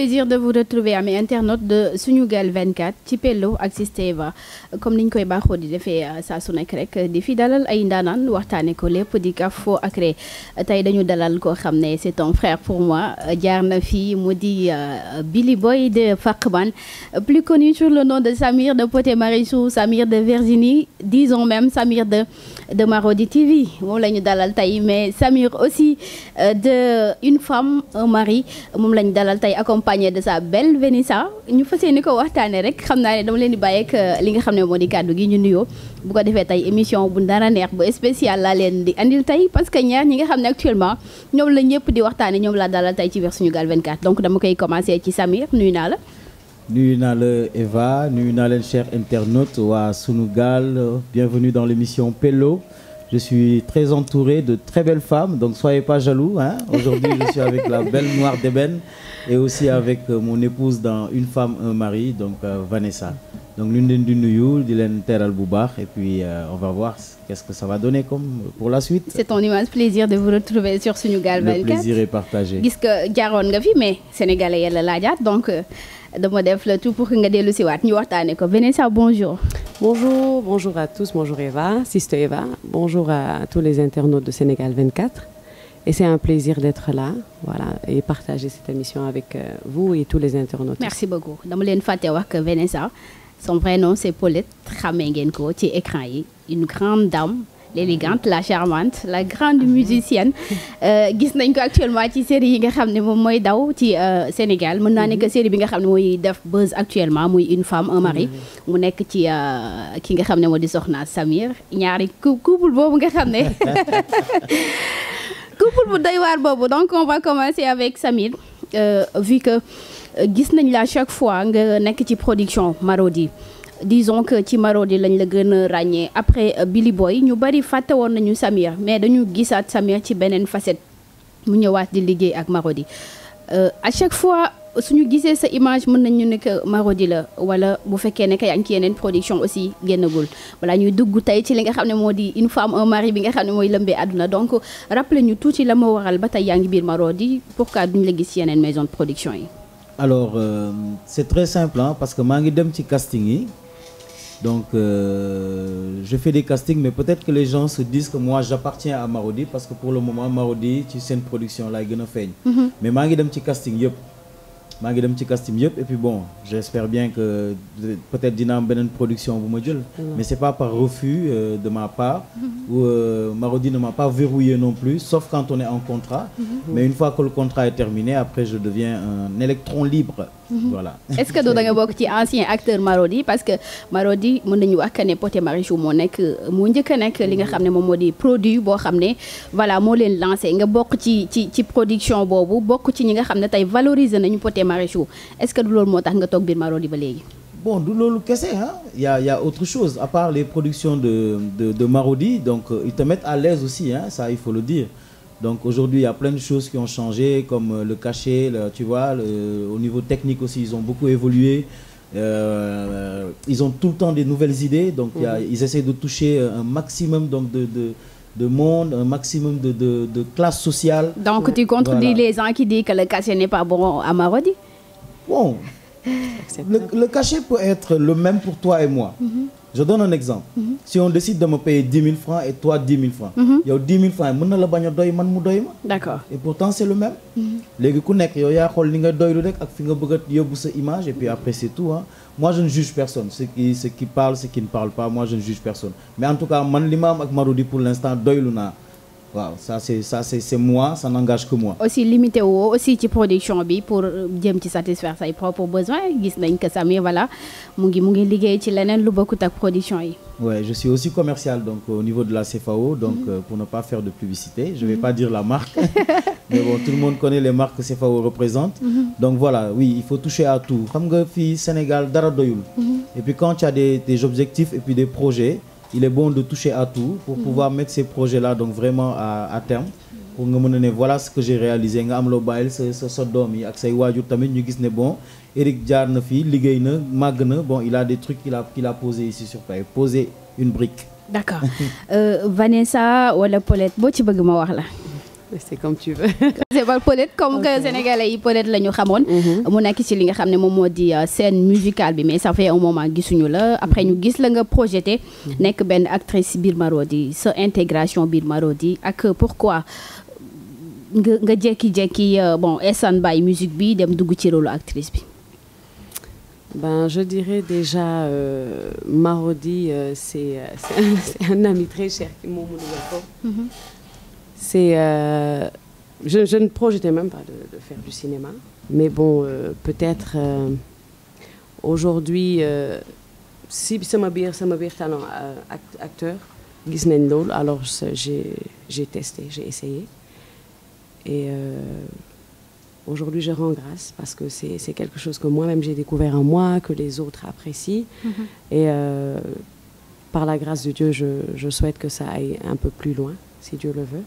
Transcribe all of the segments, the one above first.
plaisir de vous retrouver amee internautes de Sunugal 24 ci Pello ak ci Steva comme niñ koy baaxoo di defee euh, saa su nekk rek di fi dalal ay ndaanaan waxtaanee ko lépp di kaf foo ak ree tey dañu koo xam ne c'est un frère pour moi euh, jaar na fii mu di euh, Billy Boy de Fakman plus connu sur le nom de Samir de Poté Marichou Samir de Virginie disons même Samir de de Marodi TV moom la ñu dalal tey mais Samir aussi de une femme un mari moom la ñu dalal tey accompagné de sa belle Vanessa ñu fas yéene ko waxtaanee rek xam naa ne dama leen di bàyyi ak euh, li nga xam ne moo di kàddu gi ñu nuyoo bu ko defee tey émission bu dara neex bu spécial laa leen di andil tey parce que ñaar ñi nga xam ne actuellement ñoom la ñëpp di waxtaanee ñoom laa dalal tey ci biir Sunugal 24 donc dama koy commencé ci Samir nuyu naa la. nuyu naa la Eva nuyu naa leen chers internautes waa Sunugal bienvenue dans l' émission Pello. Je suis très entouré de très belles femmes, donc soyez pas jaloux. Hein. Aujourd'hui, je suis avec la belle noire d'ébène et aussi avec euh, mon épouse dans Une femme, un mari, donc euh, Vanessa. Donc l'une d'une nuyu, Dylan Teral Boubar, et puis euh, on va voir qu'est-ce que ça va donner comme pour la suite. C'est un immense plaisir de vous retrouver sur Sunugal 24. Le plaisir est partagé. Gis que Garonne nga fi mais sénégalais la laajaat donc. Euh, dama def le tout pour que nga dellu siwaat ñu waxtaane ko Vanessa bonjour bonjour bonjour à tous bonjour Eva Siste Eva bonjour à tous les internautes de Sénégal 24 et c'est un plaisir d'être là voilà et partager cette émission avec euh, vous et tous les internautes merci beaucoup dama leen fàtte wax que Vanessa son vrai nom c'est Paulette xamee ngeen ko ci écran yi une grande dame l'élégante la charmante la grande musicienne euh, gis nañ ko actuellement ci série yi nga xam ne moom mooy daw ci euh, Sénégal mën naa nekk série bi nga xam ne mooy def buzz actuellement muy une femme un mari mm-hmm. mu nekk ci euh, ki nga xam ne moo di soxna Samir ñaari couple boobu nga xam ne couple bu doy waar boobu donc on va commencer avec Samir vu que gis nañ la chaque fois nga nekk ci production Marodi disons que ci Marodi lañ la gën a ràññee après euh, Billy Boy ñu bari fàtte woon nañu Samir mais dañu gisaat Samir ci beneen facette mu ñëwaat di liggéey ak Marodi euh, à chaque fois suñu gisee sa image mën nañu ne que Marodi la wala bu fekkee ne que yaa ngi ci yeneen production aussi génnagul balaa ñuy dugg tey ci li nga xam ne moo di une femme un mari bi nga xam ne mooy lëmbee àdduna donc rappelé ñu tuuti la ma waral ba tey yaa ngi biir Marodi pourquoi duñ la gis yeneen maison production yi. alors euh, c'est très simple que maa ngi dem ci casting yi. Donc, euh, je fais des castings, mais peut-être que les gens se disent que moi, j'appartiens à Marodi parce que pour le moment, Marodi, tu sais, une production là, il y a mhm. Mais je suis casting. Yep. maa ngi dem ci casting yëpp et puis bon j' espère bien que peut être dina am beneen production bu ma jël. mais c' est pas par refus euh, de ma part. Mm-hmm. ou euh, ne m'a pas verrouillé non plus sauf quand on est en contrat. Mm -hmm. mais une fois que le contrat est terminé après je deviens un électron libre. Mm-hmm. est ce que doo da nga bokk ci ancien acteur Marodi parce que Marodi mën nañu wax que ne Pod moo nekk moo njëkk a nekk li nga xam ne moom moo di produit boo xam ne voilà moo leen lancé nga bokk ci ci ci production boobu bokk ci ñi nga xam ne tey valoriser nañu Pod Marichou est-ce que loolu moo tax nga toog biir Marodi ba bon du loolu kese ah y' a autre chose à part les productions de de de Marodi donc euh, ils te mettent à l'aise aussi ça il faut le dire donc aujourd'hui il plein de choses qui ont changé comme euh, le cachet le, tu vois le, au niveau technique aussi ils ont beaucoup évolué euh, ils ont tout le temps de nouvelles idées donc y a, mm. ils essaient de toucher un maximum donc de de de monde, un maximum de, de, de classe sociale. Donc tu contredis voilà. les gens qui disent que le cachet n'est pas bon à Marodi Bon, le, le, cachet peut être le même pour toi et moi. Mm -hmm. je donne un exemple. Mhm. si on décide de me payer dix mille francs et toi dix mille francs. Mhm. yow dix mille francs yi mën na la bañ a doy man mu doy ma. d'accord et pourtant c'est le même. Mhm. léegi nekk yow yaa xool ni nga doylu rek ak fi nga bëgg a yóbbu sa image et puis après c'est tout moi je juge personne ceux qui ceux qui parlent ceux qui ne parlent pas moi je juge personne mais en tout cas man li ma am ak Marodi pour l'instant doylu naa. waaw ça c'est ça c'est c'est moi ça n'engage que moi. aussi limité woo ci production bi pour euh, jëm ci satisfaire say propres besoins gis nañ que voilà mu ngi mu ngi liggéey ci leneen lu bokkut ak production yi. ouais aussi commercial donc euh, au niveau de la CFAO donc mm -hmm. euh, pour ne pas faire de publicité je vais mm-hmm. les marques que CFAO représente mm-hmm. voilà oui il faut xam nga fii Sénégal dara doyul. Mm-hmm. et puis quand tu as des des il est bon de toucher à tout pour mm. pouvoir mettre ces projets-là donc vraiment à, à terme pour nga mën a ne voilà ce que j'ai réalisé nga am loo bàyyil sa sa sa doom yi ak say waajur tamit ñu gis ne bon Eric jaar na fii liggéey na màgg na bon il a des trucs qu'il a qu'il a posé ici sur papier posé une brique. d'accord euh, Vanessa wala Paulette boo ci bëgg ma wax la. c'est comme tu veux. c'est bon peut-être comme que sénégalais yi peut-être xamoon. Mhm. mu nekk ci li nga xam ne moom moo di euh, scène musicale bi mais ça fait un moment gisuñu la après ñu mhm. gis la nga projeté. Mhm. nekk benn actrice biir Marodi sa intégration biir Marodi ak euh, pourquoi nga nga jékki-jékki euh, bon esan bàyyi musique bi dem dugg ci rôle actrice bi. Ben, je dirais déjà euh, c'est un, ami très cher ki moom mu c'est euh, je, je, ne projetais même pas de, de faire du cinéma. Mais bon, euh, peut-être euh, aujourd'hui, euh, si sama biir sama biir talent euh, acteur gis nañ loolu alors j'ai j'ai testé j'ai essayé et aujourd'hui je rends grâce parce que c'est c'est quelque chose que moi-même j'ai découvert en moi que les autres apprécient mm -hmm. et par la grâce de Dieu je je souhaite que ça aille un peu plus loin si Dieu le veut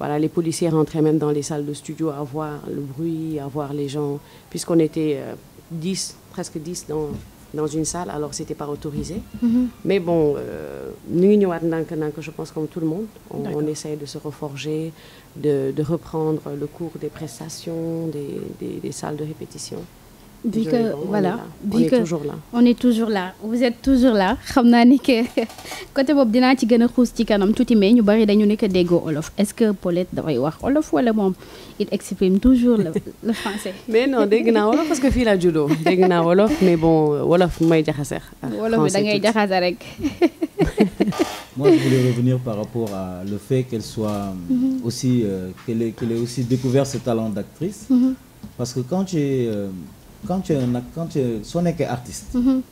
Voilà, les policiers rentraient même dans les salles de studio à voir le bruit, à voir les gens, puisqu'on était euh, presque 10 dans, une salle, alors c'était pas autorisé. Mm-hmm. Mais bon, euh, je pense comme tout le monde, on, on essaye de se reforger, de, de, reprendre le cours des prestations, des, des salles de répétition. vu que voilà vu que on est toujours là vous êtes toujours là xam naa ni que côté boobu dinaa ci gën a xuus ci kanam tuuti mais ñu bari dañu nekk déggoo olof est-ce que Paulette dafay wax olof wala moom il exprime toujours le le français. mais non dégg naa wolof parce que fi laa juddoo dégg naa wolof mais bon wolof may jaxase. wolof bi da ngay jaxase rek. Moi, je voulais revenir par rapport à le fait qu'elle soit euh, mm-hmm. aussi euh, qu'elle ait, qu'elle ait aussi découvert ce talent d'actrice mm-hmm. parce que quand j'ai euh, quand tu es nag quand tu es soo nekkee artiste. Mhm.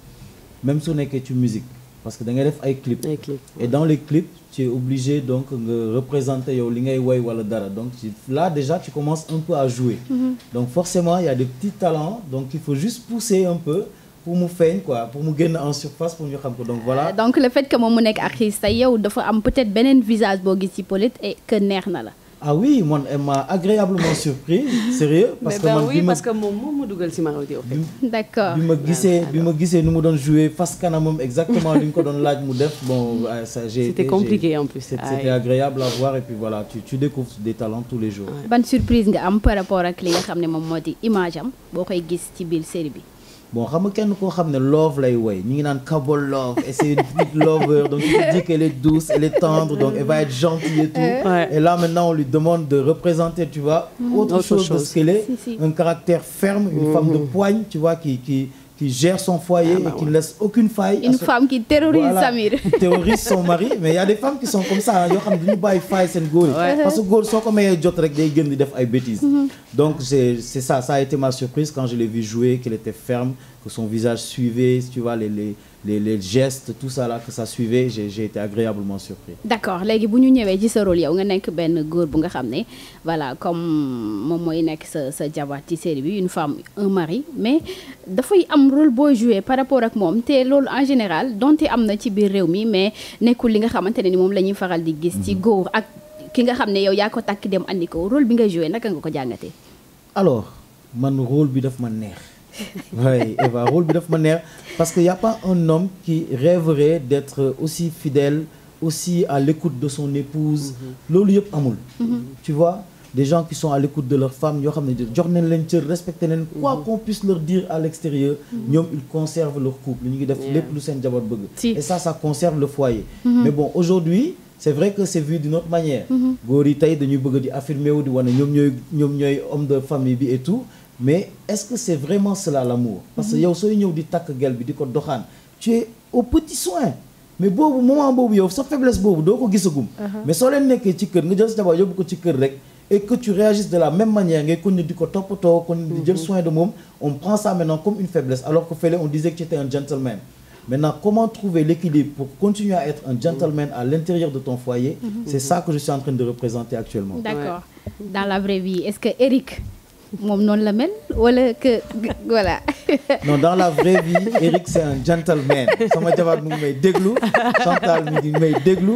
même musique parce que da ngay def ay clip. ay clip et dans les clips tu es obligé nga représenter yow li ngay woy wala dara donc tu là déjà tu commences un peu à jouer. Mhm. donc forcément il y a des petits talents donc il faut juste pousser un peu. pour mu feeñ pour mu génn en surface pour ñu xam ko donc le fait que moom mu nekk artiste yow dafa am peut-être beneen visage boo gis ci Paulette que neex na la. ah oui man elle m'a agréablement sérieux parce, ben oui, parce que man bi ma moom moo dugal ci Mara Diop. d'accord bi ma gisee bi ma gisee joue mu doon jouer face exactement li ñu ko doon laaj mu def bon. Ah, ça j'ai c'était compliqué en plus. Ah, c'était agréable tu tu découvres des tous les jours. ban surprise nga am par rapport ak li nga xam ne moom moo di image am boo koy gis ci biir série bi. bon xam nga kenn koo xam ne love lay woy ñu ngi naan Kabol love et c'est une petite lover donc il dit qu'elle est douce elle est tendre elle va être gentille et tout ouais. et là maintenant on lui demande de représenter tu vois mm. autre, autre chose, chose de ce qu'elle est si, si. un caractère ferme une mm. femme de poigne tu vois qui qui gère son foyer ah bah ouais. et qui ne laisse aucune faille. Une femme qui terrorise voilà, Samir. qui terrorise son mari mais y a des femmes qui sont comme ça yoo xam ne du ñu bàyyi faille seen góor yi. parce que góor soo ko mayee jot rek day gën di def ay bêtises. Mm-hmm. donc c'est c'est ça ça a été ma surprise quand je l'ai vu jouer qu'il était ferme. que son visage suivait, tu vois, les, les, les, les gestes, tout ça là, que ça suivait, j'ai j'ai été agréablement surpris. d'accord léegi bu ñu ñëwee ci sa rôle yow nga nekk benn góor bu nga xam ne voilà comme moom mooy nekk sa sa jabar ci série bi une femme un mari mais dafay am rôle boo joué par rapport ak moom te loolu en général donte am na ci biir réew mi mais nekkul li nga xamante ne ni moom la ñuy faral di gis. ci mhm. góor ak ki nga xam ne yow yaa ko takk dem andi ko rôle bi nga joué naka nga ko jàngatee. alors man rôle bi dafa ma neex. oui Eva rôle bi daf ma neex parce que a pas un homme qui rêverait d'être aussi fidèle aussi à l'écoute de son épouse mm-hmm. loolu yëpp amul mm-hmm. tu vois des gens qui sont à l'écoute de leur femme yoo xam ne jox nañ leen cër respecté leen quoi mm-hmm. qu'on puisse leur dire à l'extérieur ñoom ils conservent leur couple ñu ngi def lépp lu seen jabar bëgg et ça ça conserve le foyer mais bon aujourd'hui c'est vrai que c'est vu d'une autre manière góor yi tey dañuy bëgg di affirmer wu di wane ñoom ñooy ñoom homme de famille bi et tout mais est-ce que c'est vraiment cela l'amour parce que mhm. yow sooy ñëw di takk gel bi di ko doxaan tu es au petit soin mais boobu moment boobu yow sa faiblesse boobu doo ko gisagum uh-huh. mais soo leen nekkee ci kër nga jël sa jabar yóbbu ko ci kër rek et que tu réagisses de la même manière ngay continuer di ko toppatoo continuer di jël mhm. soin de moom on prend ça maintenant comme une faiblesse alors que fële on disait que tu étais un gentleman maintenant comment trouver moom noonu la mel wala voilà. dans la vraie vie Eric c'est un gentleman sama jabar mu ngi may déglu Chantal mu déglu.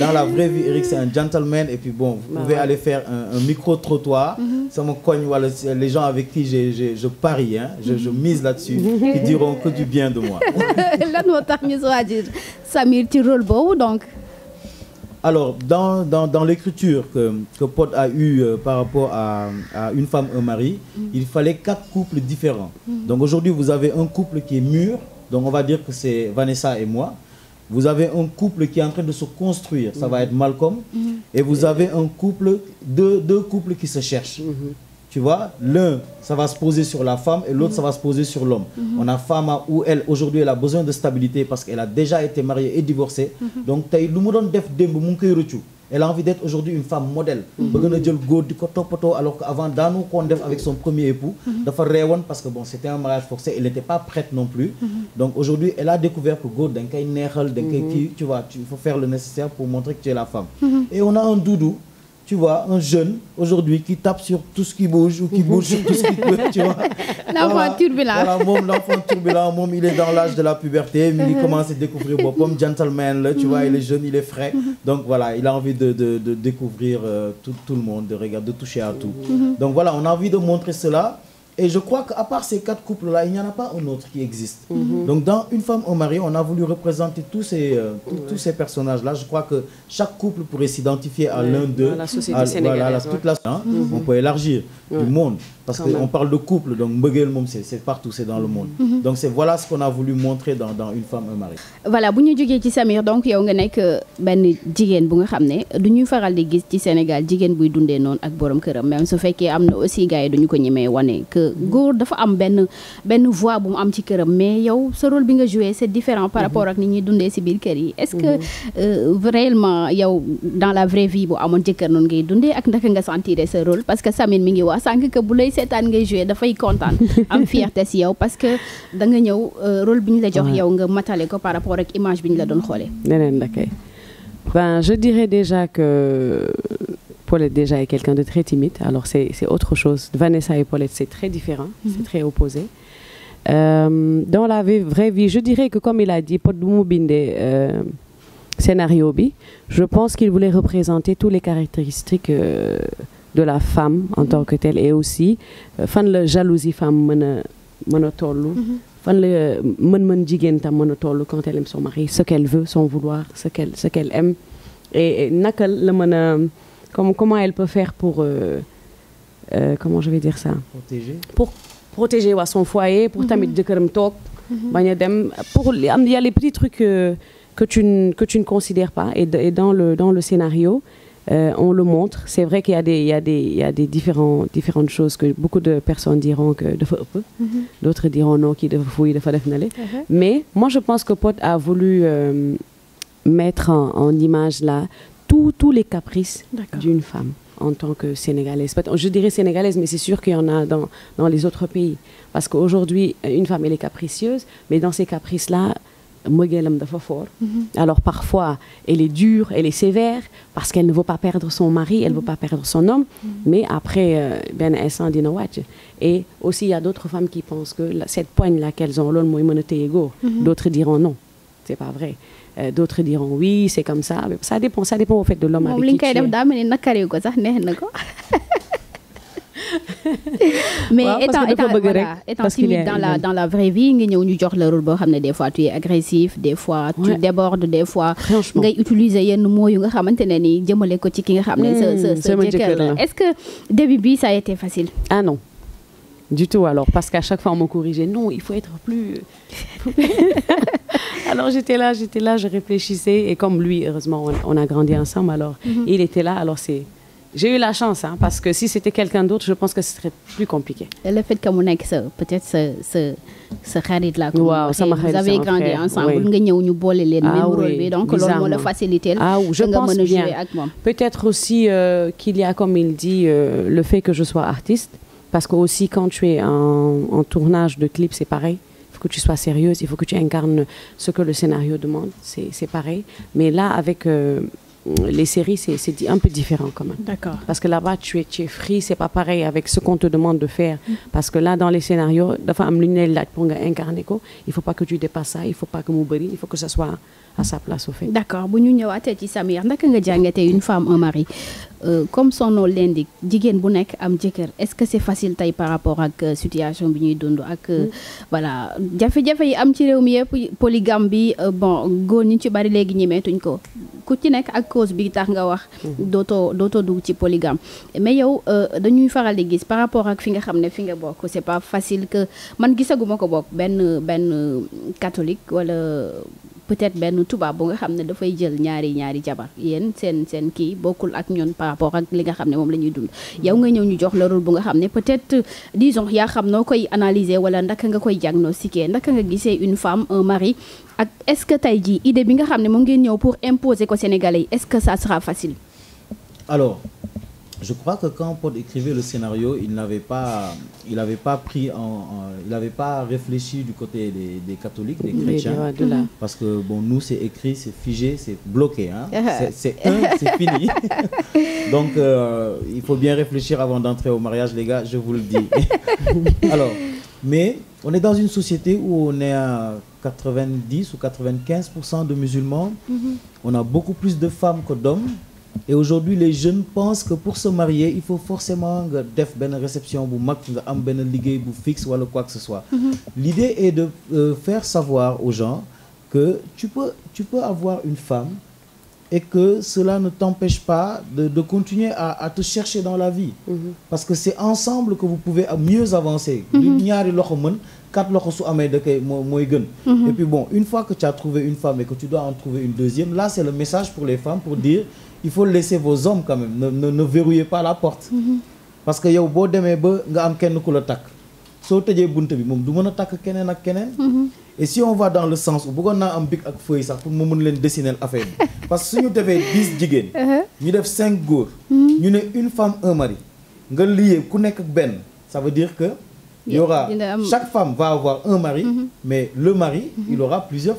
dans la vraie vie Eric c'est un gentleman et puis bon vous pouvez aller faire un, micro trottoir mhm. sama koñ wala les gens avec qui j'ai je parie je mise là-dessus qui diront que du bien de moi lan moo tax ñu Samir ci rôle boobu donc alors dans dans dans l'écriture que que Pod a eu euh, par rapport à à une femme un mari mmh. il fallait quatre couples différents mmh. donc aujourd'hui vous avez un couple qui est mûr donc on va dire que c'est Vanessa et moi vous avez un couple qui est en train de se construire ça mm. va être Malcolm mm. et vous avez un couple deux deux couples qui se cherchent mm-hmm. tu vois l'un ça va se poser sur la femme et l'autre mm va se poser sur l'homme mhm. on a femme où elle aujourd'hui elle a besoin de stabilité parce qu'elle a déjà été mariée et divorcée mhm. donc tey lu mu doon def démb mu ngi koy rëccu elle a envie d'être aujourd'hui une femme modèle mhm. bëgg na jël góor di ko toppatoo alors que avant daanu koon def avec son premier époux dafa reewoon parce que c'était un mariage forcé elle n'était pas prête non plus donc koy neexal da nga koy kii tu vois tu vois, un jeune aujourd'hui qui tape sur tout ce qui bouge ou qui bouge sur tout ce qui peut, tu vois. L'enfant voilà, turbulent. Voilà, moom l'enfant turbulent, moom il est dans l'âge de la puberté, mais il commence à découvrir boppam gentleman là, tu vois, il est jeune, il est frais. Donc voilà, il a envie de de de découvrir euh, tout tout le monde, de regarder, de toucher à tout. Donc voilà, on a envie de montrer cela. Et je crois qu'à part ces quatre couples-là, il n'y en a pas un autre qui existe. Mm -hmm. Donc dans Une femme, un mari, on a voulu représenter tous ces, euh, tous, ouais. tous ces personnages-là. Je crois que chaque couple pourrait s'identifier à ouais. l'un d'eux. À la société à, sénégalaise. Voilà, à la, toute la, hein, mm -hmm. On peut élargir ouais. du monde. parce que on parle de couple donc mbëggeel moom c'est c'est partout c'est dans le monde mhm. donc c'est voilà ce qu'on a voulu montrer dans une femme un mari euh, benn jigéen bu nga xam ne du ñuy faral di gis ci Sénégal jigéen buy dundee noonu ak borom këram même su fekkee am na aussi gars yi duñu ko ñemee wane que góor am benn benn voix bu mu am ci këram mais yow sa bi nga joué c'est différent par mhm. rapport ak ni ñuy dundee ci biir kër yi est-ce que mhm. euh, réellement yow dans la vraie vie bu amoon jëkkër noonu ngay dundee ak ndaka nga sentir sa rôle parce que Samir mi ngi wax sànq que bu lay seetaan ngay joué dafay kontaan am fierté si yow parce que da nga ñëw euh, rôle bi ñu la jox yow nga matale ko par rapport ak image bi ñu la doon xoolee. leneen la kay ben je dirais déjà que Paulette déjà est quelqu'un de très timide alors c'est c'est autre chose Vanessa et Paulette c'est très différent. Mm-hmm. c'est très opposé. Euh, dans la vraie vie je dirais que comme il a dit Pod bu mu bindee euh, scénario bi je pense qu'il voulait représenter tous les caractéristiques. Euh, de la femme en tant que telle et aussi euh, fan la jalousie femme mën a mën a toll. Mhm. fan la euh, mën-mën jigéen tam mën a toll quand elle aime son mari ce qu'elle veut son vouloir ce qu'elle ce aime et naka la mën a comme comment elle peut faire pour euh, euh, comment je vais dire ça. pour protéger waa son foyer. pour mhm. tamit jëkkëram toog. Mhm. bañ a dem pour am y a les petits trucs euh, que tu ne que tu ne pas et le dans le scénario. Euh, on le montre. C'est vrai qu'il y a des, il y a des, il y a des différents, différentes choses que beaucoup de personnes diront que de peu. Mhm. D'autres diront non, qui de fouille, de fouille, mhm. Mais moi, je pense que Pot a voulu euh, mettre en, en, image là tous les caprices d'une femme en tant que Sénégalaise. Je dirais Sénégalaise, mais c'est sûr qu'il y en a dans, dans les autres pays. Parce qu'aujourd'hui, une femme, elle est capricieuse, mais dans ces caprices-là, mbëggeelam dafa fort. Mhm. alors parfois elle est dure elle est sévère parce qu'elle ne veut pas perdre son mari elle ne veut mhm. pas perdre son homme. Mhm. mais après benn instant dina wàcc. et aussi il y a d'autres femmes qui pensent que cette poigne là qu'elles ont loolu mooy a d'autres diront non c'est pas vrai. Euh, d'autres diront oui c'est comme ça ça dépend au fait de l'homme avec qui tu es. moom li nga koy def daa mel ni nakaare ko sax neex na ko. mais ouais, étant étant voilà étant timide dans la dans la vraie vie nga ñëw ñu jox la rôle boo xam ne des fois tu es agressif des fois tu débordes des fois ngay utiliser yenn mots nga xamante ne ni jëmale ko ci ki nga xam ne sa sa hmm, sa jëkkër la est-ce que début bi ça a été facile ah non du tout alors parce qu'à chaque fois on me corrigeait non il faut être plus alors j'étais là j'étais là je réfléchissais et comme lui heureusement on, a grandi ensemble mm-hmm. il était là alors c'est j'ai eu la chance ah parce que si c'était quelqu'un d'autre je pense que ce serait plus compliqué. le fait que mu nekk sa peut-être sa sa sa xarit la. waaw sama xarit vous avez grandi ensemble nga ñëw ñu boole leen. ah oui donc loolu moo la facilité. ah je pense bien peut-être aussi euh, qu'il y a comme il dit euh, le fait que je sois artiste. parce que aussi quand tu es en en tournage de clip c'est pareil. Il faut que tu sois sérieuse il faut que tu incarnes ce que le scénario demande c'est c'est pareil mais là avec. Euh, Euh, les séries, c'est un peu différent quand même. D'accord. Parce que là-bas, tu es, tu es free, c'est pas pareil avec ce qu'on te demande de faire. Mm. Parce que là, dans les scénarios, la femme, l'une, là, pour incarner, il faut pas que tu dépasses ça, il faut pas que Mouberi, il faut que ça soit à sa place au fait. d'accord bu ñu ñëwaatee ci Samir naka nga jàngatee une femme un mari euh, comme son nom jigéen bu nekk am jëkkër est-ce que c'est facile tey par rapport ak euh, situation bi ñuy dund ak euh, mm. voilà jafe-jafe yi am ci réew mi yëpp polygame bi euh, bon góor ñu ci bari léegi ñemeetuñ ko ku ci nekk ak cause bi tax nga wax mm. dootoo dootoo dugg ci polygame mais yow dañuy faral di gis par rapport ak fi nga xam ne fi nga bokk c'est pas facile que man gisaguma ko bokk benn benn catholique wala peut-être benn tubaab bu nga xam ne dafay jël ñaari ñaari jabar yéen seen seen kii bokkul ak ñun par ak li nga xam ne moom la ñuy dund yow nga ñëw ñu jox la rôle bu nga xam ne peut-être disons yaa xam noo koy analyser wala ndaka nga koy diagnostiquer ndaka nga gisee une femme un mari ak est-ce que tey jii idée bi nga xam ne moom ngeen ñëw pour imposer ko Sénégalais yi est-ce que ça sera facile je crois que quand Pod écrivait le scénario, il n'avait pas, il avait pas pris, en, en il n'avait pas parce que bon, nous c'est écrit, c'est figé, c'est bloqué, hein. Ah. c'est Donc euh, il faut bien réfléchir avant d'entrer au mariage, les gars, je vous le dis. Alors, mais on est dans une société où on de musulmans. Mm plus de femmes et aujourd'hui les jeunes pensent que pour se marier il faut forcément nga def benn réception bu mag nga am benn liggéey bu fixe wala quoi que ce soit mhm. l'idée est de euh, faire savoir aux gens que tu peux tu peux avoir une femme et que cela ne t'empêche pas de de continuer à à te chercher dans la vie mhm. parce que c'est ensemble que vous pouvez mieux avancer du mhm. ñaari loxo mën quatre loxo su amee da koy moo mooy gën et puis bon une fois que tu as trouvé une femme et que tu dois en trouver une deuxième là c'est le message pour les femmes pour dire il faut laisser vos hommes quand même ne ne, ne verrouillez pas la porte. Mm-hmm. parce que yow boo demee ba nga am kenn ku la takk soo tëjee bunt bi moom du mën a takk keneen ak keneen. Mm-hmm. et si on va dans le sens où bëggoon naa am bic ak feuille sax pour mu mën leen dessiner affaire bi parce que suñu defee dix jigéen. Uh-huh. ñu def cinq góor. Mm-hmm. ñu ne une femme un mari nga lié ku nekk benn ça veut dire que. il y aura chaque femme va avoir un mari. mais le mari. Mm -hmm. il aura plusieurs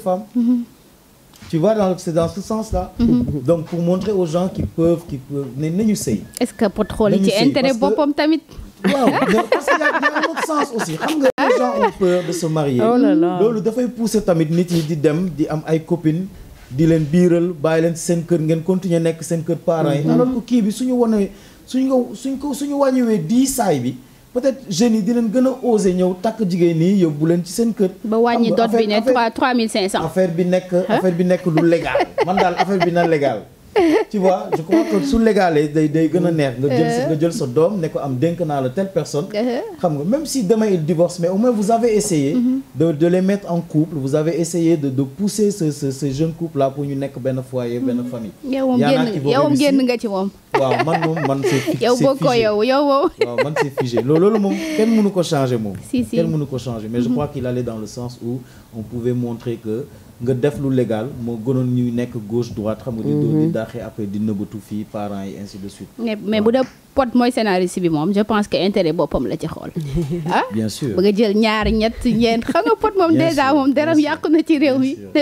ci vois dans c'est dans ce sens là. Mm -hmm. donc pour montrer aux gens qui peuvent qui peuvent ne nañu sëy. est-ce que pour xool ci intérêt boppam tamit. waaw parce que y a aussi xam nga les gens peur de se marier. oh là loolu dafay pousser tamit nit ñi di dem di am ay copines. di leen biiral bàyyi leen seen kër ngeen continuer nekk seen kër parents yi. Mhm. alors que kii bi suñu wonee suñu suñ ko suñu wàññiwee dii saay bi. peut-être jeunes yi dinañ gën a osé ñëw takk jigéen ñi yóbbu leen ci seen kër. ba wàññi dot bi ne cent affaire bi nekk affaire bi nekk lu légal man daal affaire bi na légal. tu vois je crois que su légalee day day gën a neex. nga jël euh. nga jël sa doom ne ko am denk naa la telle personne. Euh. xam nga même si demain ils divorcent mais au moins vous avez essayé. Mm-hmm. de de les mettre en couple vous avez essayé de pousser ce jeune couple là pour ñu nekk benn foyer benn mm-hmm. famille. yaa yow génn nga ci moom. waaw man moom man c'est figé yow boo ko yow yow waaw man c'est figé loolu moom kenn mënu ko changer moom. si si kenn mënu ko changer mais je mm-hmm. crois qu'il allait dans le sens où on pouvait nga def lu légal moo gënoon ñuy nekk gauche droite xam nga di doon di mhm. daaxee après di nëbbatu fii parents yi ainsi de suite mais mais bu dee pot mooy scénariste bi moom je pense que intérêt boppam la ci xool ah bien sûr ba nga jël ñaar ñett ñeent xam nga pot moom dèjà moom deram yàqu na ci réew mi te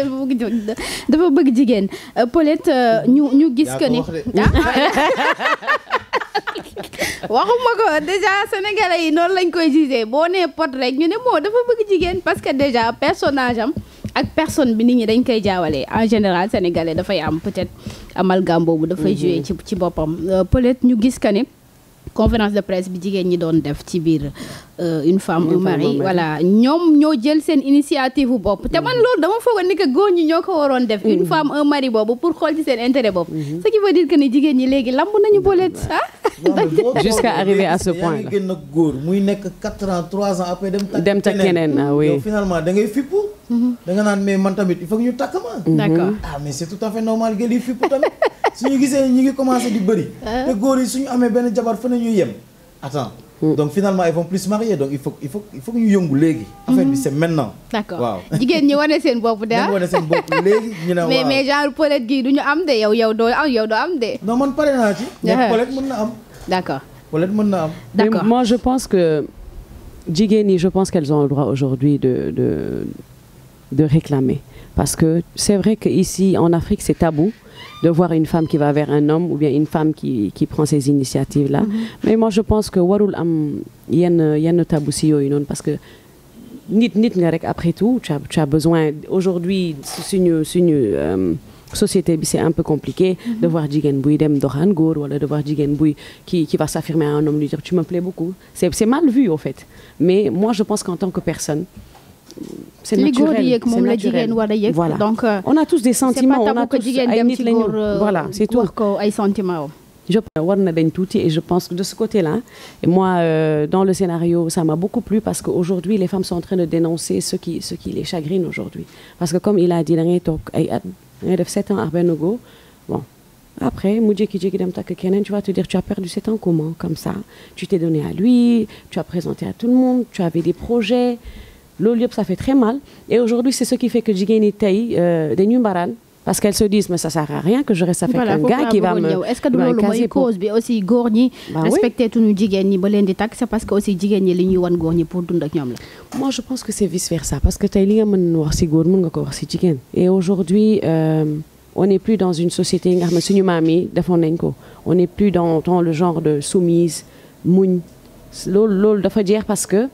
dafa bëgg jigéen euh, Paulette euh, ñu ñu gis que ni ah? waxuma ko déjà sénégalais yi noonu lañ koy gisee boo nee pot rek ñu ne moo dafa bëgg jigéen parce que déjà personnage am ak personne bi nit ñi dañ koy jaawalee en général sénégalais dafay am peut-être amalgame boobu dafay mhm. jouer ci boppam euh, peut-être ñu gis que ne conférence de presse bi jigéen ñi doon def ci biir euh, une femme au mari voilà ñoom ñoo jël seen initiative bu bopp te man mhm. loolu dama foogoon ni que góor ñi ñoo ko waroon def une mhm. femme un mari boobu pour xool ci seen intérêt boobu ce qui veut dire ni jigéen ñi léegi lamb nañu boleet ah jusqu'à arriver à ce point là góor muy nekk 4 ans 3 ans après dem tak keneen ah da ngay Mm-hmm. da nga naan mais man tamit il faut ñu takk ma. Mm-hmm. d'accord ah mais c'est tout à fait normal gël yi fipp tamit suñu gisee ñu ngi commencé di bëri. Ah. te góor yi suñu amee benn jabar fa ne ñuy yem. attends mm. donc finalement ils vont plus se marier donc il faut il que ñu yëngu léegi. affaire bi mm-hmm. c'est d'accord waaw jigéen ñi wane seen bopp de ah. wane seen bopp léegi ñu ne waaw mais mais genre Paulette gi du ñu am de yow yow doo am yow doo am de. non man pare naa ci. mais ah. Paulette mën na am. d'accord Paulette mën na am. d'accord mais je pense que jigéen ñi je pense qu'elles ont le droit de réclamer. Parce que c'est vrai qu'ici, en Afrique, c'est tabou de voir une femme qui va vers un homme ou bien une femme qui, qui prend ces initiatives-là. Mm -hmm. Mais moi, je pense que warul am yenn yenn tabou si yooyu noonu parce que nit nit nga rek après tout tu as, tu as besoin aujourd'hui suñu suñu euh, société bi c'est un peu compliqué mm-hmm. de voir jigéen buy dem doxaan góor wala de voir jigéen buy qui qui va s'affirmer à un homme lui dire tu me plais beaucoup c'est c'est mal vu au fait mais moi je pense qu'en tant que personne c' est naturel li góor moom la jigéen war a yëg. voilà donc euh, on a tous des sentiments on a tous euh, ay sentiments je war na dañ tuuti et je pense que de ce côté-là euh, beaucoup plu parce que aujourd'hui les femmes sont en train de dénoncer ce qui les chagrine aujourd'hui parce que comme il a dit da ngay après mu jékki-jékki dem takk keneen tu te dire tu as perdu sept ans comment comme ça tu t'es lui tu as présenté à tout le monde tu avais des loolu yëpp ça fait très ce qui fait que jigéen ñi tey euh, dañuy mbaraan parce qu'elles se disent mais ça sert rien que je reste avec voilà, un gars qui va me est-ce que du loolu mooy cause bi aussi góor ñi respecté tuñu jigéen ñi ba leen di tàgg c'est parce que aussi jigéen ñi li ñuy wan góor ñi pour dund ak ñoom nga ko wax ci jigéen et aujourd'hui euh, on n'est plus dans une société nga xam ne suñu maam yi defoon nañ ko on n'est plus dans le genre de soumise muñ loolu loolu dafa jeex parce que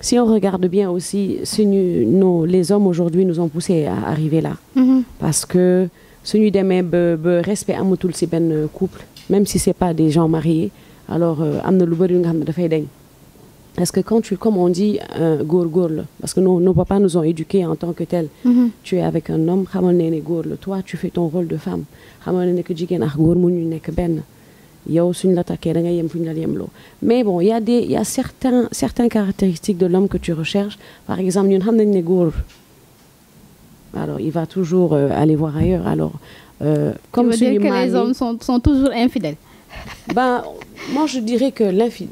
si on regarde bien aussi, suñu nos les hommes aujourd'hui nous ont poussés à arriver là. Mhm. parce que suñu demee ba ba respect amatul ci benn couple même si c'est pas des gens mariés alors euh, am na lu bari nga xam ne dafay dañ. parce que quand tu comme on dit euh, góor la parce que nos nos papas nous ont éduqués en tant que tels. Mm -hmm. tu es avec un homme xamal ne ne la toi tu fais ton rôle de femme xamal ne ne que jigéen ak góor mënuñu nekk benn. yow suñ la takkee da nga yem fu ñu la yemloo mais bon y a des y a certains certaines caractéristiques de l'homme que tu recherches par exemple ñun xam nañ ne góor alors il va toujours euh, aller voir ailleurs alors. Euh, comme suñu maam yi tu veux dire que les hommes sont sont toujours infidèles. ben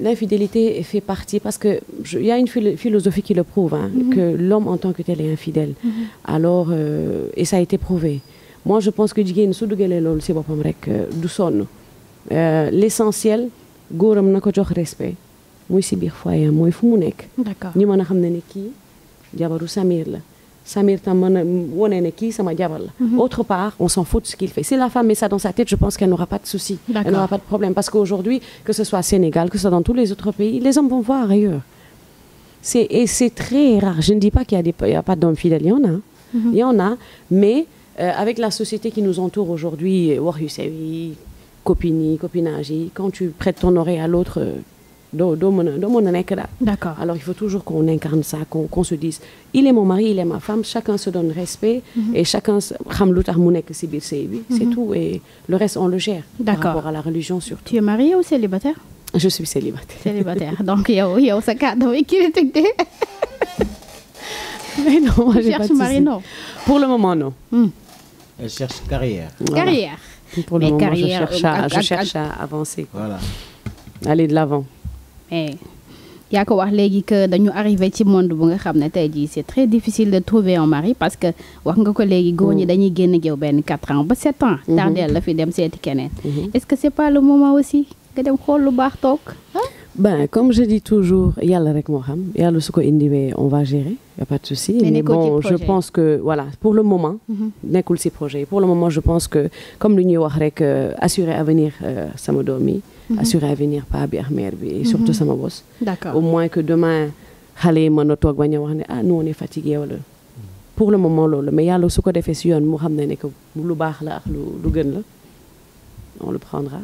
l'infidélité fait partie parce que je, il y a une philosophie qui le prouve hein, mm-hmm. que l'homme en tant que tel est infidèle. Mm-hmm. alors euh, et ça a été prouvé je pense que jigéen su dugalee loolu si boppam rek euh, du sonn. Euh, l'essentiel góoram na ko jox respect mooy si biir foyer mooy fu mu nekk. d'accord ñu mën a xam ne ne kii jabaru Samir la Samir tam mën a wone ne kii sama jabar la. Mhm. autre part on s'en fout de ce qu'il fait si la femme met ça dans sa tête je pense qu'elle n'aura pas de souci. elle n'aura pas de problème parce qu'aujourd'hui que ce soit Sénégal que ce soit dans tous les autres pays les hommes vont voir ailleurs. c'est et c'est très rare je ne dis pas qu'il y a des il y a pas d'hommes fidèles il y en a. Mhm. il y en a mais euh, avec la société qui nous entoure aujourd'hui wax yu sew yi copines yi copinage yi quand tu prêtes ton oreille à l'autre doo doo mën a doo alors il faut toujours qu'on incarne ça qu'on se dise il est mon mari il est ma femme chacun se donne respect. Mhm. et chacun xam lu tax mu nekk ci biir bi. c'est mhm. tout le reste on le gère. d'accord par rapport à la religion surtout. tu donc yow yow non pour le moment non. Mm. cherche carrière. pour le moment, je euh, cherche, à, je cherche de l'avant. mais eh. yaa ko wax léegi que dañu arrivé ci monde bu nga xam ne tey jii c'est très difficile de trouver un mari parce que wax nga ko léegi góor ñi mm. dañuy génn jéw benn 4 ans ba 7 ans. Mm-hmm. tardeel la fi dem seeti keneen. Mm-hmm. est-ce que c'est pas le moment aussi nga dem xool lu baax toog. ben comme je dis toujours yàlla rek moo xam yàlla su ko indiwee on va gérer y a pas de souci. mais, mais bon je pense que voilà pour le moment. Mhm. nekkul ci projet yi pour le moment je pense que comme li ñuy wax rek euh, assurer avenir euh, sama doom yi. Mhm. assurer avenir paa bi ak mère bi. Mhm. surtout sama boss. d'accord au moins que demain xale yi mën a toog bañ a wax ne ah nous on est fatigué wala. pour le moment loolu mais yàlla su ko defee ci yoon mu xam ne ne que lu baax la ak lu lu gën la on le prendra.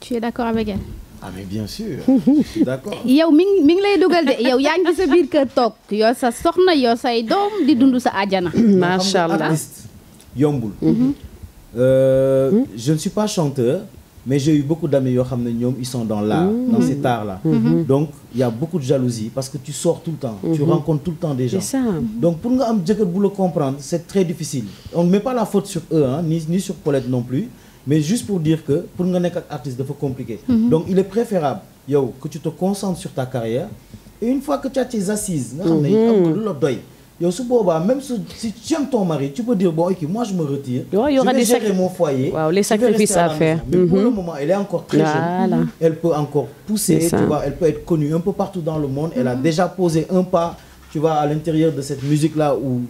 tu es d'accord avec elle. ah mais bien sûr. yow mi ngi mi ngi lay dugal de yow yaa ngi sa biir kër toog yow sa soxna yow say doom di dund sa àjjana. macha allah yombul. Mhm. Euh, mhm. je ne suis pas chanteur. mais j'ai eu beaucoup d'amis yoo xam ne ñoom ils sont dans l'art mhm. dans cet art là donc il y a beaucoup de jalousie parce que tu sors tout le temps mmh. tu rencontres tout le temps des donc pour nga am jëkkër bu la comprendre c'est très difficile on ne met pas la faute sur eux ni sur Paulette non plus mais juste pour dire que pour nga nekk ak artiste dafa compliqué mhm. donc il est préférable yow que tu te concentres sur ta carrière et une fois que tu as tes assises nga xam ne mhm. am lu la doy yow su boobaa même si si tu aimes ton mari tu peux dire bon ok moi je me retire. waaw y aura des sacrifices je vais gérer mon foyer. waaw les sacrifices à faire. mais pour le mhm. moment elle est encore très jeune. elle peut encore pousser. tu vois elle peut être connue un peu partout dans le monde. elle a déjà posé un pas. tu vois, à l'intérieur de cette musique-là, où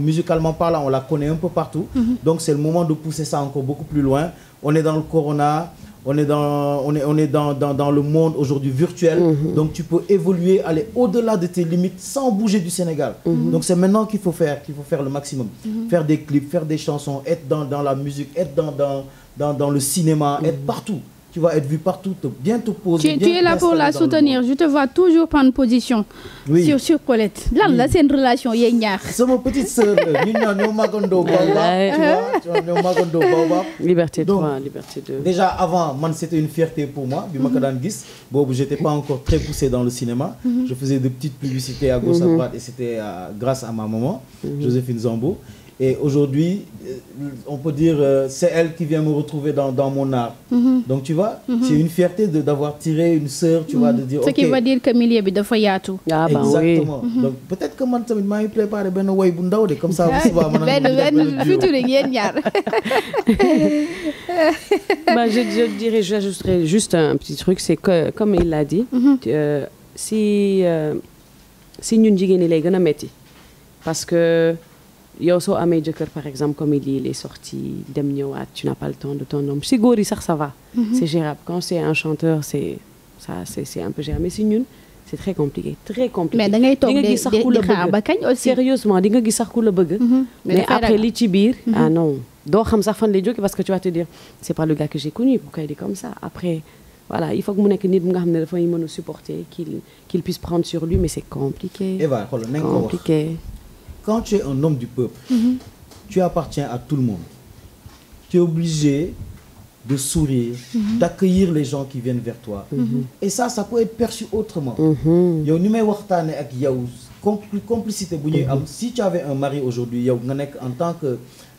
musicalement parlant, on la connaît un peu partout. Mm -hmm. Donc c'est le moment de pousser ça encore beaucoup plus loin. On est dans le corona, on est dans, on est, on est dans, dans, dans le monde aujourd'hui virtuel. Mm -hmm. Donc tu peux évoluer, aller au-delà de tes limites sans bouger du Sénégal. Mm -hmm. Donc c'est maintenant qu'il faut faire, qu'il faut faire le maximum. Mhm. Faire des clips, faire des chansons, être dans, dans la musique, être dans, dans, dans, dans le cinéma, mhm. être partout. tu vas être vu partout, te, bien te poser. Tu, bien tu es là pour la soutenir. Je te vois toujours prendre position. Oui. sur sur Colette. lan la seen relation yéen ñaar. sama petite sœur la ñun ñoo ñoo magandoo Baobab. tu vois ñoo magandoo Baobab. liberté 3 liberté 2. déjà avant man c'était une fierté pour moi bi ma ko mhm. daan gis boobu j'étais pas encore très poussé dans le cinéma. Mhm. je faisais de petites publicités à gauche à mhm. droite et c'était euh, grâce à ma maman. Joséphine Zambo. Et aujourd'hui, euh, on peut dire, euh, c'est elle qui vient me retrouver dans, dans mon art. Mm -hmm. Donc tu vois, mm-hmm. c'est une fierté d'avoir tiré une sœur, mm-hmm. Ce qui veut dire que milieu de Fayatou. Ah, bah, Exactement. Oui. Mm-hmm. Donc peut-être que moi, je vais préparer Ben Way comme ça, vous savez, Ben Ben Futur bah, je, juste un petit truc, c'est comme il l'a dit, mm -hmm. euh, si, euh, si nous, nous, nous, yow soo amee jëkkër par exemple comme il est sorti dem ñëwaat tu n'as pas le temps de ton homme si góor yi sax ça va. Mm-hmm. c'est gérable quand c'est un chanteur c'est un peu gérable mais si ñun c'est très compliqué très compliqué. mais da di nga gis sax ku la mm-hmm. mais après li ci biir. Mm-hmm. ah non doo xam sax fan lay jógee parce que tu vas te dire c'est pas le gars que j'ai connu pourquoi comme ça après. il faut que mu nekk nit bu nga xam a supporter qu'il qu'il puisse quand tu es un homme du peuple mm -hmm. tu appartiens à tout le monde tu es obligé de sourire mm -hmm. d'accueillir les gens qui viennent vers toi mm -hmm. et ça ça peut être perçu autrement mm-hmm. yow ni may waxtaane ak yow complicité bu ñuy am mm-hmm. si tu avais un mari aujourd'hui yow nga nekk en tant que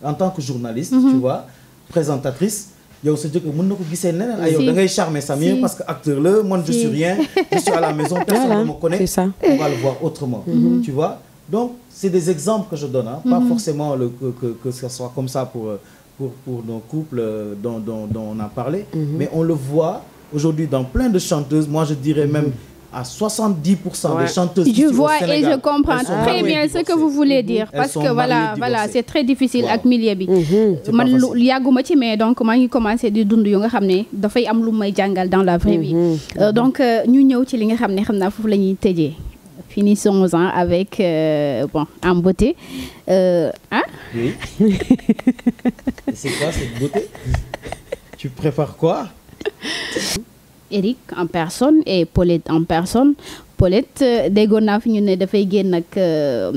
en tant que journaliste mm-hmm. tu vois présentatrice yow sa jëkkër mën na ko gisee neneen ay ah, yow da ngay charmer Samir parce que acteur la man je suis rien je suis à la maison personne ne me connaît on va le voir autrement tu vois Donc, c'est des exemples que je donne, hein. pas mm -hmm. forcément pour, euh, pour, pour nos couples euh, dont, dont, dont on a parlé, mm -hmm. mais on le voit aujourd'hui dans plein de chanteuses, moi je dirais même mhm. à 70% ouais. des chanteuses je vois au et je comprends très bien ce que vous voulez dire mhm. parce que voilà c'est très difficile ak milieu bi mhm. man lu yàgguma ci mais donc maa ngi commencé di dund yo nga xam ne dafay am lu may jàngal dans la vraie vie euh, donc ñu ñëw ci li nga xam ne xam naa foofu la ñuy tëjee finissons-en avec, euh, bon, en beauté. Euh, Eric en personne et Paulette en personne Paulette euh, déggoon naa fi ñu ne dafay génn ak euh,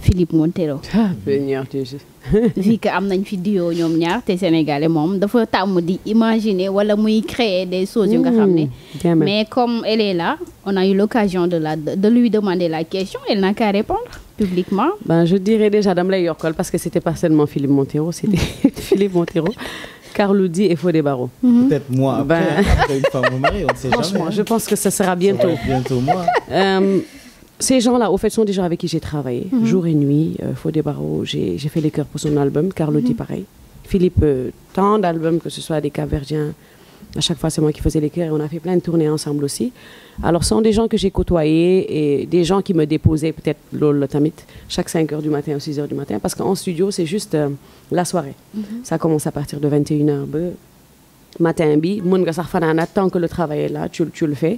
Philippe Montero. ah fi que am nañ fi diwo ñoom ñaar te sénégalais moom dafa tàmm di imaginer wala muy créer des choses yu nga xam ne. Hmm, mais comme elle est là on a eu l'occasion de la de lui demander la question elle n'a qu'à répondre publiquement. ben je dirais déjà dama lay yokkal parce que c'était pas seulement Philippe Montero c'était Philippe Montero. Carloudi et Fodé Barreau. Mm -hmm. Peut-être moi après, ben... après une femme mariée, on ne sait Franchement, jamais. je pense que ça sera bientôt. Ça bientôt moi. Euh, ces gens-là, au fait, sont des gens avec qui j'ai travaillé, mm -hmm. jour et nuit. Euh, Fodé Barreau, j'ai fait les chœurs pour son album. Carloudi, mm -hmm. pareil. Philippe, euh, tant d'albums, que ce soit des Caverdiens, À chaque fois, c'est moi qui faisais les chœurs et on a fait plein de tournées ensemble aussi. Alors, ce sont des gens que j'ai côtoyés et des gens qui me déposaient peut-être le tamit chaque 5 h du matin ou 6 h du matin parce qu'en studio, c'est juste euh, la soirée. Mm -hmm. Ça commence à partir de 21 h matin bi tant que le travail est là tu, tu le fais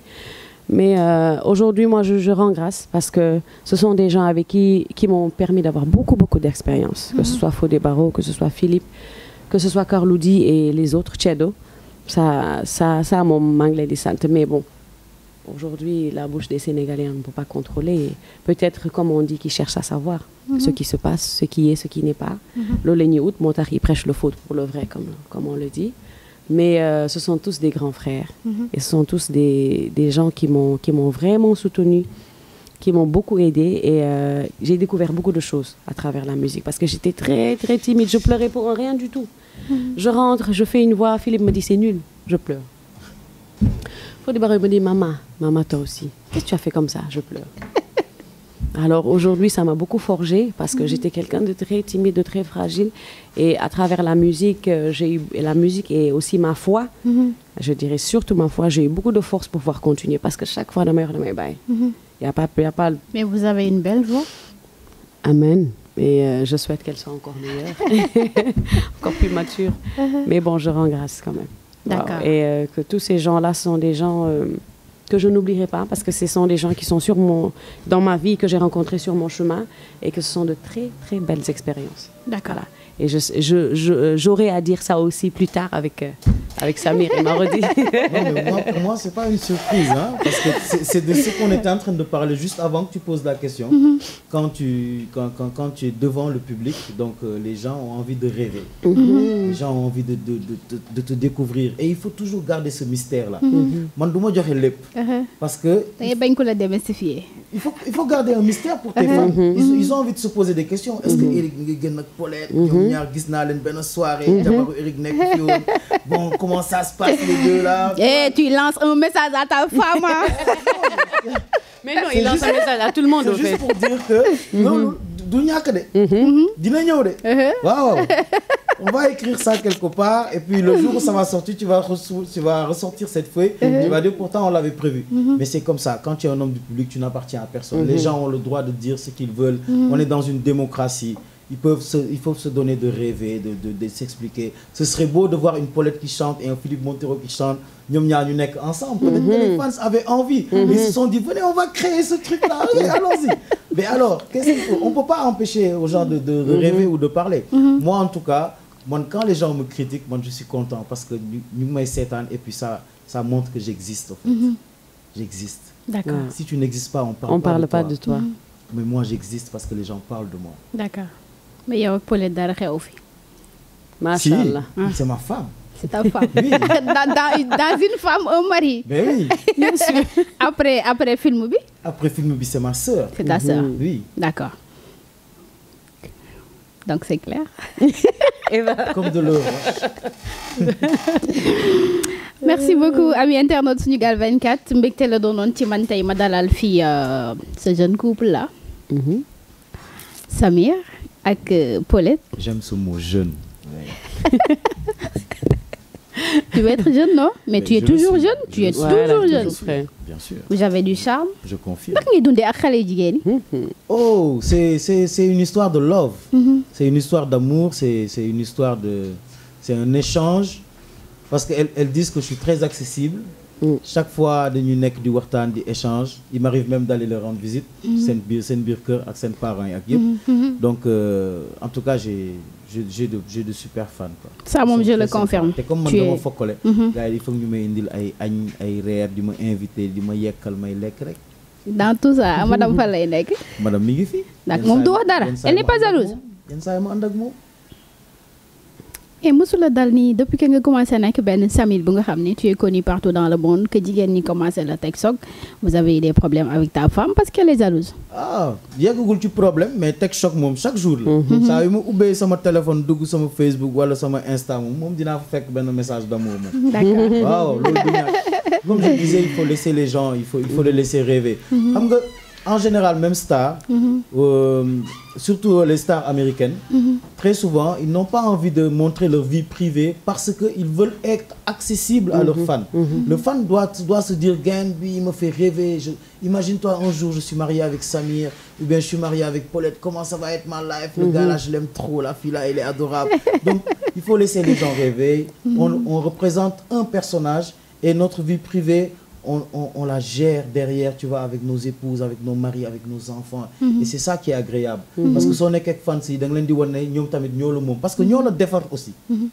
mais euh, aujourd'hui moi je, je, rends grâce parce que ce sont des gens avec qui qui m'ont permis d'avoir beaucoup beaucoup d'expérience mm -hmm. que ce mhm. soit Fodé Barreau que ce soit Philippe que ce soit Carloudi et les autres Tchedo ça ça ça moom maa ngi leen di sant mais bon aujourd'hui la bouche des Sénégalais on ne peut pas contrôler peut-être comme on dit qu'ils cherchent à savoir mm -hmm. ce qui se passe ce qui est ce qui n'est pas loolu la ñuy ut moo tax ils prêchent le faux pour le vrai comme comme on le dit mais euh, ce sont tous des grands frères mm -hmm. et ce sont tous des des gens qui m'ont qui m'ont vraiment soutenu qui m'ont beaucoup aidé et euh, j'ai découvert beaucoup de choses à travers la musique parce que j'étais très très timide je pleurais pour un rien du tout je rentre je fais une voix Philippe me dit c'est nul je pleure Fodibaro me dit maman maman toi aussi qu'est-ce que tu as fait comme ça je pleure alors aujourd'hui ça m'a beaucoup forgé parce que mhm. j'étais quelqu'un de très timide de très fragile et à travers la musique euh, j'ai eu la musique et aussi ma foi mm -hmm. je dirais surtout ma foi j'ai eu beaucoup de force pour pouvoir continuer parce que chaque fois damay wax damay bàyyi y a pas y a pas mais vous avez une belle voix amen Et euh, je souhaite qu'elle soit encore meilleure, encore plus mature. Uh -huh. Mais bon, je rends grâce quand même. D'accord. Wow. Et euh, que tous ces gens-là sont des gens euh, que je n'oublierai pas parce que ce sont des gens qui sont sur mon, dans ma vie, que j'ai rencontrés sur mon chemin et que ce sont de très, très belles expériences. D'accord. Voilà. Et j'aurai je, je, je, à dire ça aussi plus tard avec, euh, avec Samir et Marodi. pas une surprise, parce que c'est de ce qu'on était en train de parler juste avant que tu poses la question. Mm-hmm. quand, tu, es devant le public, donc euh, les gens ont envie de rêver. Mm -hmm. Les gens ont envie de, te découvrir. Et il faut toujours garder ce mystère-là. Mm-hmm. Uh-huh. que... Il faut, garder un mystère pour tes uh-huh. fans. Mm-hmm. Ils, ont envie de se poser des questions. Est-ce que Paulette. ñoom mhm. ñaar gis naa leen benn soirée. Mhm. jabaru Eric nekk fi woon comment ça se passe les deux là. eh tu lances un message à ta femme mais non il lance un message à tout le monde. pour dire que. Mhm. loolu du ñàkk de. dina ñëw de. waaw. on va écrire ça quelque part et puis le jour où ça va sortir cette feuille. pourtant on l'avait prévu. mais c'est comme ça quand tu es un homme du public tu n'appartiens à personne. les gens ont le droit de dire ce qu'ils veulent. on est dans une démocratie. ils peuvent se il faut se donner de rêver de de de s'expliquer ce serait beau de voir une Paulette qui chante et un Philippe Montero qui chante ñoom ñaar ñu nekk ensemble. peut-être que les mm-hmm. fans avaient envie. mais mm-hmm. ils se sont dit venez on va créer ce truc là allez allons-y. mais alors qu'est-ce qu'on peut pas empêcher aux gens de de mm-hmm. rêver ou de parler. moi en tout cas man quand les gens me critiquent man je suis content parce que ñu ñu may seetaan et puis ça ça montre que j'existe en fait. j'existe. d'accord si tu n'existes pas on parle on pas parle de pas toi. de toi. mais moi j'existe parce que les gens parlent de moi. d'accord. mais yow ak Paulette dara xew fi. macha c'est ma femme. c'est ta femme dans, dans, une femme un mari. mais oui après après film bi. après film bi c'est ma sœur. c'est ta sœur oui. d'accord c'est clair. Eva eh comme de l'eau. merci beaucoup ami internaute Sunugal 24 mbégte la doonoon ci man tey ma dalal fii euh, ce jeune couple là. Mhm. Samir. ak euh, Paulette. j'aime ce mot jeune. tu veux être jeune non. mais, mais tu es je toujours suis. jeune. tu je es voilà, toujours jeune. bien sûr vous avez du charme. je confirme naka ngay dundee ak xale jigéen ñi. oh c'est c'est c'est une histoire de love. Mm -hmm. c'est une histoire d'amour c'est c'est une histoire de c'est un échange parce que elles elles disent que je suis très accessible. chaque fois dañuy nekk di waxtaan di échange il m'arrive même d'aller leur rendre visite mm-hmm. seen biir seen biir kër ak seen parents yi ak yëpp mm-hmm. mm-hmm. donc euh, en tout cas j'ai j'ai de j'ai super fans quoi. ça je le confirme. te comme man dama fokkale. gars yi il faut ñu may indil ay añ ay reer di ma invité di ma yekkal may lekk rek. dans tout ça madame fan lay nekk. madame mi ngi fi. ndax wax dara elle n'est pas jalouse. et eh, mosula dal nii depuis que nga commencé nekk benn Samir bu nga xam ne tu es connu partout dans le monde que jigéen ñi commencé la teg soog vous avez eu des problèmes avec ta femme parce qu'elle est jalouse. ah yeggagul ci problème mais teg soog moom chaque jour la. Mhm. saa yu ma ubbee sama téléphone dugg sama Facebook wala sama Insta moom moom dinaa fa fekk benn message d'amour moom. d'accord waaw loolu du ñàkk comme je disais il faut laisser les gens il faut il faut les laisser rêver. Mhm. xam nga en général même mhm. euh, surtout euh, les stars américaines mm -hmm. très souvent ils n'ont pas envie de montrer leur vie privée parce que ils veulent être accessibles à leurs mhm. fans mhm. le fan doit doit se dire gain bi il me fait rêver je imagine-toi un jour je suis marié avec Samir ou bien je suis marié avec Paulette comment ça va être ma life le gars là mhm. je l'aime trop la fille là elle est adorable donc il faut laisser les gens rêver on, on représente un personnage et notre vie privée on, on, on, la gère derrière, tu vois, avec nos épouses, avec nos maris, avec nos enfants. Mm -hmm. Et c'est ça qui est agréable. Mm -hmm. Parce que si on est quelques fans, si Parce que nous, on le défend aussi. Mm -hmm.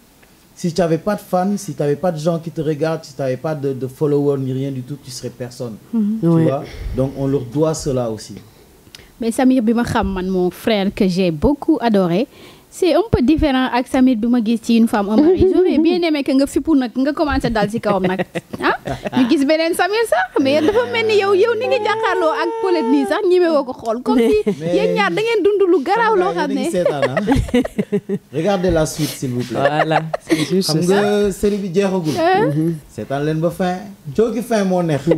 Si tu n'avais pas de fans, si tu n'avais pas de gens qui te regardent, si tu n'avais pas de, de, followers ni rien du tout, tu serais personne. Mhm. Tu ouais. vois? Donc on leur doit cela aussi. Mais Samir Bimakham, mon frère que j'ai beaucoup adoré, c'est un peu différent ak samit bi ma gis ci une femme un mari j'aurais bien aimé que nga fippu nag nga commencé dal ci kawam nag ah ñu gis beneen samir sax mais dafa mel ni yow yow ni ngi jàkkaarloo ak Paulette nii sax ñime ko xool comme si yéen ñaar da ngeen dund lu garaaw loo xam ne ah. regardez la suite s'il vous plaît voilà xam nga série bi jeexagul ah. seetaan leen ba fin joogi fin moo neex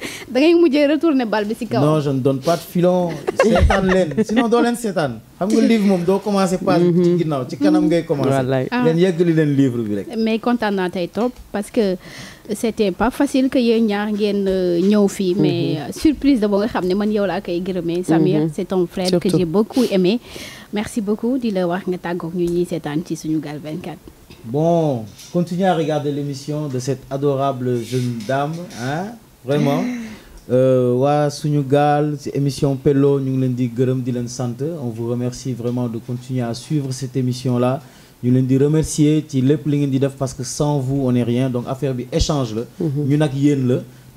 da ngay mujjee retourner bal bi si kaw. non je ne donne pas de filon. seetaan leen sinon doo leen seetaan. xam nga livre moom doo commencé page ci ginnaaw ci kanam ngay commencé. wallaay ngeen ah. yeggali leen livre bi rek. mais kontaan naa tey trop parce que. c'était pas facile que yéen ñaar ngeen euh, ñëw fii mais mhm. euh, surprise da boo nga xam ne man yow laa koy gërëmee mhm. Samir c'est ton frère Surtout. que j'ai beaucoup aimé merci beaucoup di la wax nga tàggoog ñu ñuy seetaan ci suñu 24 bon continuez à regarder l'émission de cette adorable jeune dame hein vraiment euh, waa suñu gaal ci émission Pello ñu ngi leen di gërëm di leen sant on vous remercie vraiment de continuer à suivre cette émission là ñu leen di remercier ci lépp li ngeen di def parce que sans vous on est rien donc affaire bi échange la mhm. ñu nag yéen la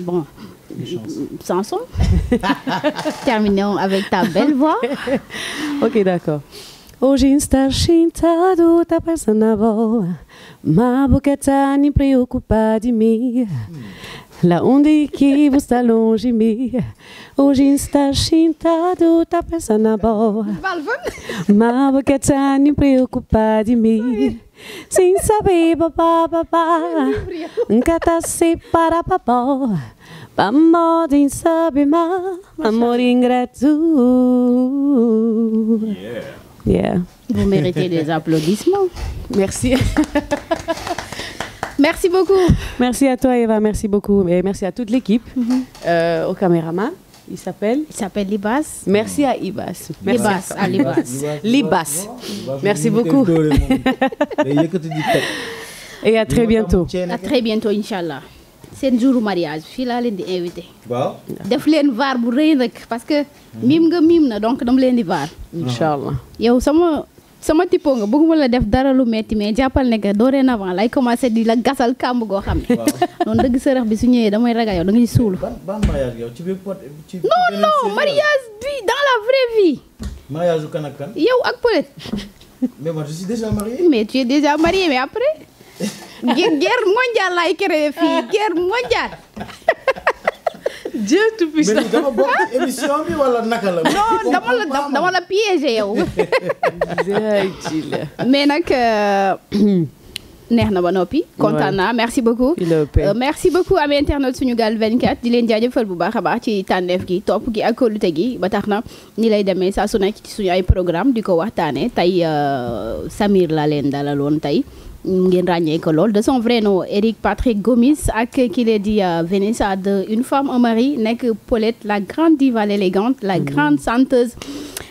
bon, Samson. Terminons avec ta belle voix. ok, d'accord. Hoje está sentado, tá passando a boa. Ma boca tá nem preocupada de mim. Lá onde que você está longe de mim. Hoje está sentado, tá pensando a boa. Ma Sin saber, papá, papá. Nunca se para, papá. Amor sem saber mais, amor ingrato. Yeah. yeah. Vous méritez des applaudissements. Merci. merci beaucoup. Merci à toi, Eva. Merci beaucoup. Et merci à toute l'équipe, mm -hmm. euh, au caméraman. Il s'appelle Il s'appelle Libas. Merci à Ibas. Merci Ibas, à Libas. Libas. Merci beaucoup. Et à très bientôt. À très bientôt, Inch'Allah. seen jouru mariage fii laa leen di invité. def leen vaar bu rëy nag parce que. miim nga miim na donc dam leen di vaar. incha sama tippoo nga bëgguma la def dara lu metti mais jàppal ne que dorénavant lay commencé di la gasal kàmb goo xam noonu dëgg sërëx bi su ñëwee damay ragal yow da ngay suulu. ban ban bi dans la vraie vie. mariage kan yow ak Paulette. mais moi je suis déjà mariée. mais tu es déjà mariée mais laay créé fii guerre mondiale. Dieu tout puissant mais dama bokk ci émission bi wala naka la. non dama la dama la piégé yow. mais nag. Euh, neex na ba noppi. kontaan naa merci beaucoup. Euh, merci beaucoup am internet Sunugal 24 di leen jaajëfal bu baax a baax ci tànneef gi topp gi ak kóolute gi ba tax na ni lay demee saa su nekk ci suñu ay programme di ko waxtaanee tey euh, Samir laa leen dalaloon tey. ngeen ràññee ko lool de son vrai nom Eric Patrick Gomis ak ki lee di euh, Vanessa de une femme un mari nekk Paulette la grande diva l'élégante la mm-hmm. grande chanteuse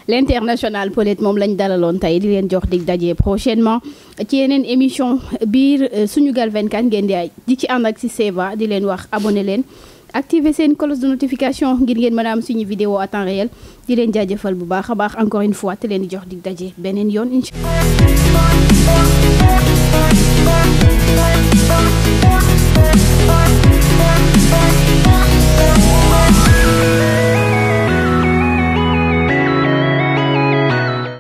l'internationale Paulette moom lañ dalaloon tey di leen jox dig daje prochainement ci yeneen émission biir euh, Sunugal gal ngeen di ay di ci ànd ak si Seva di leen wax abonné leen activer seen cloche de notification ngir ngeen mën a am suñu vidéo à temps réel di leen jaajëfal bu baax a baax encore une fois te leen di jox dig daje beneen yoon incha Thank